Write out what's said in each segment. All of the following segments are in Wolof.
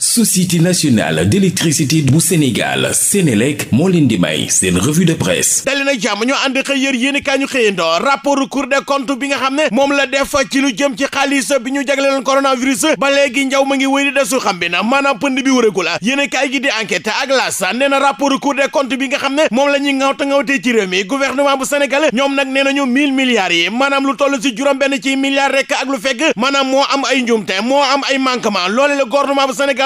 société nationale d'électricité bu Sénégal Sénélec moo leen di may seen revue de presse dali na jàmm ñoo ànd xëy yër yéen ñu xëyandoo rapport Cour des bi nga xam ne moom la def ci lu jëm ci xaalis bi ñu jagleeloon coronavirus ba léegi njaw ma ngi wéy di desu xam bi na maanaam pënd bi wëragu la yéen gi di enquête ak las nee na rapport Cour des bi nga xam ne moom la ñuy ngawta ngawtee ci réew mi gouvernement bu Sénégal ñoom nag nee nañu mille milliards yi toll si juróom benn ci milliards rek ak ay njuumte moo am ay manquement loole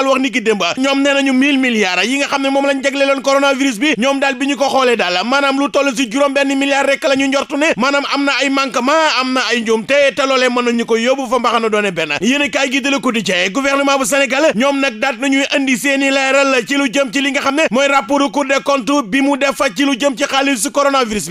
daal wax ni ki démb ñoom nee nañu mille milliards yi nga xam ne moom lañ jagleeloon coronavirus bi ñoom daal bi ñu ko xoolee daal maanaam lu toll si juróom benn milliard rek la ñu njortu ne maanaam am na ay manquement am na ay njuumte te loolee mën nañu ko yóbbu fa mbaxana doone benn yéen kaay gi de la quotidien gouvernement bu Sénégal ñoom nag daat nañuy indi seeni leeral ci lu jëm ci li nga xam ne mooy rapport Cour des comptes bi mu def ci lu jëm ci xaalisu coronavirus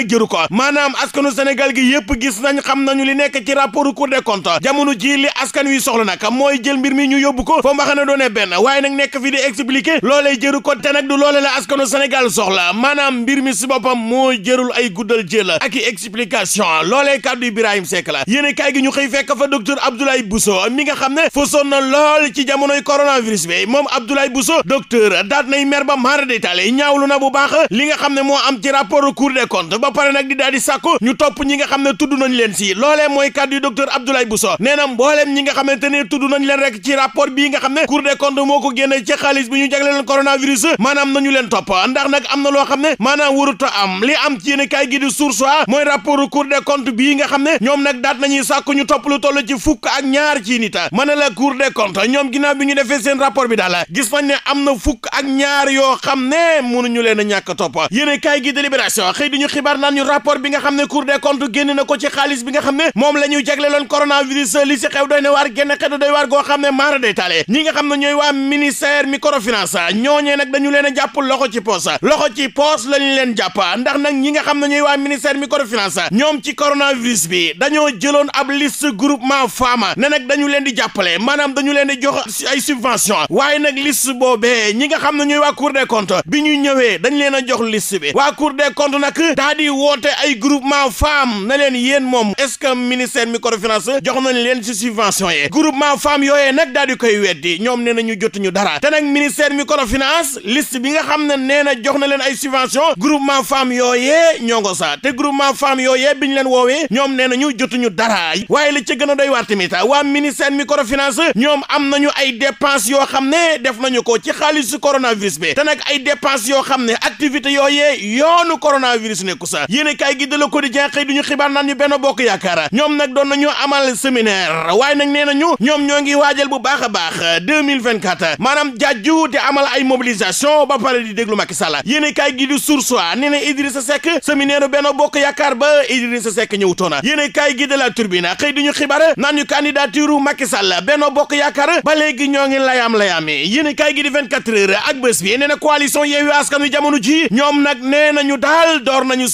nag jëru ko maanaam askanu Sénégal gi yëpp gis nañ xam nañu li nekk ci rapport Cour des comptes jamono ji li askan wi soxla nag mooy jël mbir mi ñu yóbbu ko fa mbaxana doone benn waaye nag nekk fi di expliquer loolee jëru ko te nag du loole la askanu Sénégal soxla maanaam mbir mi si boppam moo jërul ay guddal jël ak i explication loolee kàddu Ibrahima Seck la yéene kaay gi ñu xëy fekk fa docteur Abdoulaye Bousso mi nga xam ne fasoon na lool ci jamonoy coronavirus bi ba pare nag di daal di sàkku ñu topp ñi nga xam ne tudd nañ leen si loolee mooy kàddu yi docteur Abdoulaye Bousso nee na mbooleem ñi nga xamante ne tudd nañ leen rek ci rapport bii nga xam ne Cour des comptes moo ko génne ci xaalis bi ñu jagle leen coronavirus maanaam nañu leen topp ndax nag am na loo xam ne maanaam warut a am li am ci yéen gi di source mooy rapport Cour des nga xam ne ñoom nag daat nañuy sàkku ñu topp lu toll ci fukk ak ñaar ci nit mën la Cour des comptes ñoom ginnaaw bi ñu defee seen rapport bi daala gis nañ ne am na fukk ak ñaar yoo xam ne mënuñu leen a ñàkk topp yéen kaay gi délibération xëy duñu xibaar naan ñu rapport bi nga xam ne Cour des comptes génn na ko ci xaalis bi nga xam ne moom la ñu jagleeloon coronavirus li si xew doy na waar génn xeetu doy waar goo xam ne maara day taale ñi nga xam ne ñooy waa ministère microfinance ñooñee nag dañu leen a jàpp loxo ci poos loxo ci poos lañu leen jàpp ndax nag ñi nga xam ne ñooy waa ministère microfinance ñoom ci coronavirus bi dañoo jëloon ab liste groupement femme ne nag dañu leen di jàppale maanaam dañu leen di jox ay subvention waaye nag liste boobee ñi nga xam ne ñooy waa Cour bi ñu ñëwee dañ leen a jox liste bi di woote ay groupement femme na leen yéen moom est-ce que ministère microfinance jox nañ leen ci subvention yi groupement femme yooyee nag daal di koy weddi ñoom nee na ñu jotuñu dara te nag ministère microfinance liste bi nga xam ne nee na jox na leen ay subvention groupement femme yooyee ñoo ngo sa te groupement femme yooyee bi ñu leen woowee ñoom nee na ñu jotuñu dara waaye li ci gën a doy waar tamit waa ministère microfinance ñoom am nañu ay dépense yoo xam ne def nañu ko ci xaalisu coronavirus bi te nag ay dépense yoo xam ne activité yooyee yoonu coronavirus nekku course yéen kaay gi de Le Quotidien xëy duñu xibaar naan ñu benn bokk yaakaar ñoom nag doon nañu amal séminaire waaye nag nee ñoom ñoo gi waajal bu baax a baax 2024 maanaam jàjju di amal ay mobilisation ba pare di déglu Macky Sall yéen kaay gi di Source A nee na Idrissa benn bokk yaakaar ba Idrissa Seck ñëwutoona yéen kaay gi de La Tribune xëy duñu xibaar naan ñu candidature Macky Sall benn bokk yaakaar ba léegi ñoo ngi layaam layaami yéen kaay gi di 24 heures ak bés bi nee na coalition Yewwi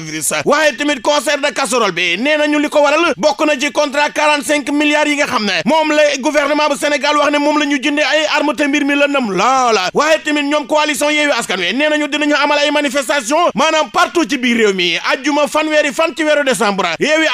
coronavirus waaye tamit concert de casserole bi nee li ko waral bokk na ci contrat quarante cinq milliards yi nga xam ne moom la gouvernement bu Sénégal wax ne moom la ñu jëndee ay arme te mbir mi lëndëm loola waaye tamit ñoom coalition Yewwi Askan Wi nee nañu dinañu amal ay manifestation maanaam partout ci biir réew mi ajjuma fanweeri fan ci weeru décembre Yewwi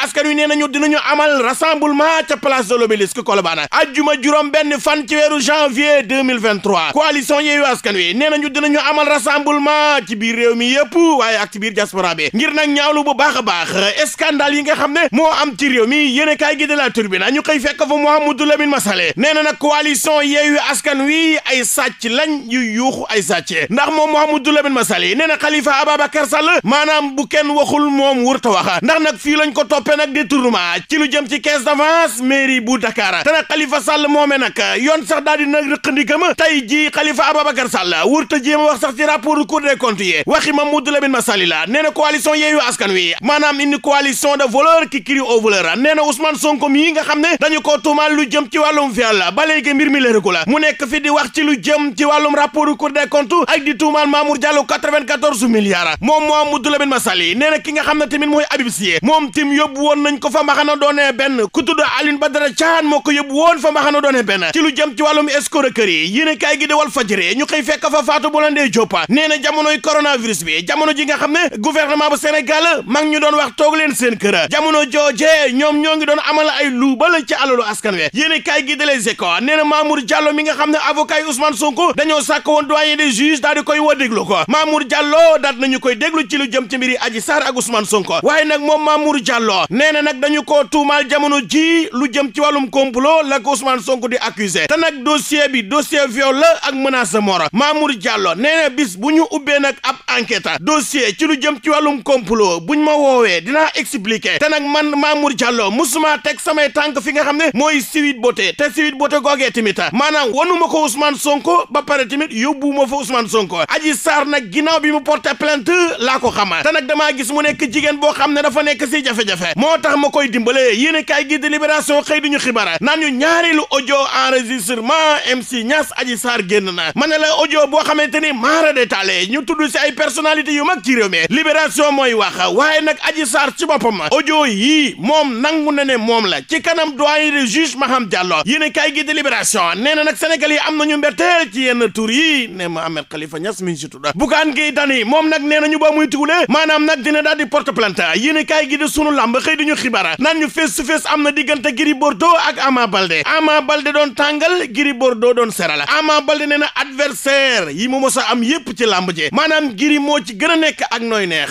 fan ci weeru janvier 2023 coalition Askan Wi nee nañu dinañu amal rassemblement ci biir réew mi yëpp waaye ak ci biir diaspora bi ngir ngir nag ñaawlu bu baax a baax scandale yi nga xam ne moo am ci réew mi yéen a kaay la turbine ñu xëy fekk fa Mouhamadou Lamine Massalé nee na nag coalition Yewwi Askan Wi ay sac lañ yu yuuxu ay sàcc ndax moom Mouhamadou Lamine Massalé nee na Khalifa Ababacar Sall maanaam bu kenn waxul moom wurta wax ndax nag fii lañ ko toppee nag détournement ci lu jëm ci caisse d'avance mairie bu Dakar te nag Khalifa Sall moomee nag yoon sax daal di nag rëqandikam tey jii Khalifa Ababacar Sall wurta jéem a wax sax ci rapport Cour des comptes yi waxi Mouhamadou Lamine Massalé la nee na yeewu askan wi maanaam indi coalition de voleurs qui crie au voleur nee na Ousmane mii nga xam ne dañu ko tuumaal jëm ci wàllum la ba léegi mbir mi leeragul la mu nekk fi di wax ci lu jëm ci wàllum rapport Cour des comptes ak di tuumaal Mamour Diallo 94 milliards moom Mouhamadou Lamine Massaly nee na ki nga xam ne tamit mooy Habib Sy moom tim yóbbu woon nañ ko fa mbaxana doonee benn ku tudd Alioune Badara Thiane moo ko yóbbu woon fa mbaxana doonee benn Sénégal mag doon wax toog leen seen kër jamono jooje ñoom ñoo ngi doon amal ay luubal ci alalu askan wi yéen i kaay gi de Les Échos nee na Mamour mi nga xam ne avocat yi Ousmane Sonko dañoo sàkk woon doyen des juges di koy woo déglu ko Mamour Diallo daat nañu koy déglu ci lu jëm ci mbiri Adji Sarr ak Ousmane Sonko waaye nag moom Mamour Diallo nee na nag dañu koo tuumaal jamono ji lu jëm ci wàllum complot la ko Ousmane Sonko di accusé te nag dossier bi dossier viol la ak menace de mort Mamour Diallo nee na bis bu ñu ubbee nag ab enquête dossier ci lu jëm ci wàllum complot bu buñ ma woowee dina expliquer te man man Mamour Diallo musuma teg samay tànk fi nga xam ne mooy Sweet Beauté te Sweet Beauté googee tamit maanaam wanu ma ko Ousmane Sonko ba pare tamit yóbbu ma fa Ousmane Sonko aji Sarr nag ginnaaw bi mu porté plainte laa ko xama te nag damaa gis mu nekk jigéen boo xam ne dafa nekk si jafe-jafe moo tax ma koy dimbale yéen kaay gi délibération xëy duñu xibaar naan ñu ñaareelu audio enregistrement MC Niass Adji Sarr génn na ma ne la audio boo xamante ni maara détaillé ñu tudd si ay personnalité yu mag ci réew mi mooy wax waaye nag Adji Sarr ci boppam audio yii moom nangu na ne moom la ci kanam doyen de juge Maham Diallo yéen kay gi délibération nee na nag Sénégal yi am nañu mberteel ci yenn tur yi ne Mohamed Khalifa Niass mi ngi si tudd Bougane Gueye Dany moom nag nee nañu ba muy tuule maanaam nag dina daal di porte plainte yéen kay gi de sunu lamb xëy di ñu xibaar naan ñu face to am na diggante Gris Bordeaux ak Ama Baldé Ama Baldé doon tàngal Gris doo doon seral Ama Baldé nee na adversaire yi mu mos a am yépp ci lamb ji maanaam Gris moo ci gën a nekk ak nooy neex